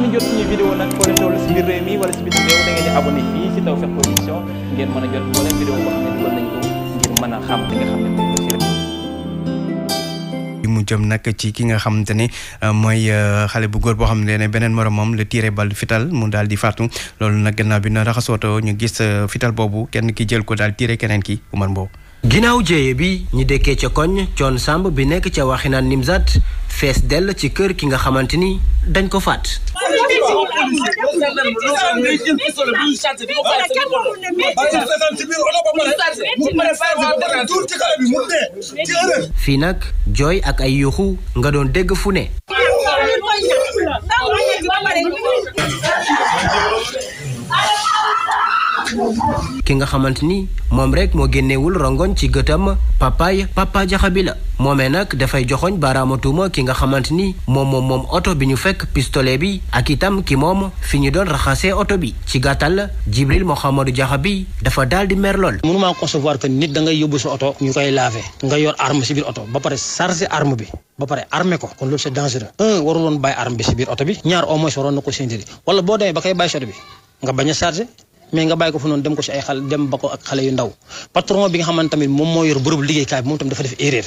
ngeen li mu jëm nag ci ki nga xamante ne euh, mooy euh, xale bu góor boo xam ne beneen moromam la tiré bal fital mu daldi di faatu loolu nag gannaaw bi na raxasooto ñu gis euh, fital boobu kenn ki jël ko daal tiire keneen ki Umar Mbow ginnaaw jéeye bi ñi dëkkee ca koñ coon sàmb bi nekk ca waxinaan nimzat fees dell ci kër ki nga xamante ni dañ ko faat fii nag jooy ak ay yuuxu nga doon dégg fu ne ki nga xamante ni moom rek moo génneewul rongoñ ci gëtam papaay papa jaxa bi la moomee nag dafay joxoñ baaraamatuuma ki nga xamante ni moom moom moom oto bi ñu fekk pistolet bi ak itam ki moom fi ñu doon raxasee oto bi ci gàttal Jibril Mouhamadou jaxa bi dafa daal di mer lool mënumaa concevoir que nit da ngay yóbbu sa oto ñu koy laver nga yor arme si biir oto ba pare chargé arme bi ba pare armé ko kon loolu c'est dangereux un waruloon bàyyi oto bi ñaar au moins na ko séntiri wala boo demee ba koy bàyyi si oto a mais nga bàyyi ko fa noonu dem ko si ay xale dem ba ko ak xale yu ndaw patron bi moom moo yor bërëbu liggéeykaay bi moom tam dafa def erreur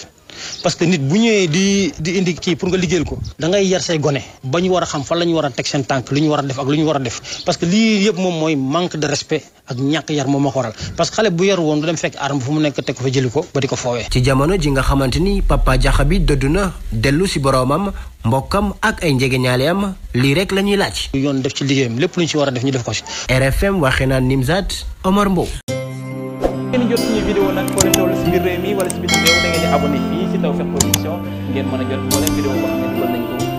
parce que nit bu ñëwee di di indi kii pour nga liggéeyal ko da ngay yar say gone ba ñu war a xam fan la ñu war a teg seen tànk lu ñu war a def ak lu ñu war a def parce que lii yëpp moom mooy manque de respect ak ñàkk yar moom moo ko parce que xale bu yar woon du dem fekk arme fu mu nekk teg ko fa jëli ko ba di ko foowee. ci jamono ji nga xamante ni papa jaxa bi dëdd na dellu si boroomam mbokkam ak ay njegeñaaleem lii rek la ñuy laaj. yoon def ci liggéeyam lépp lu ñu si war a def ñu def ko si. ngeen jot suñu vidéo nag foo leen toll si biir réew mi wala si biir réew da a di abonné fii si Tawfekh Production ngeen mën a jot moo leen vidéo boo xam ne dugal nañ ko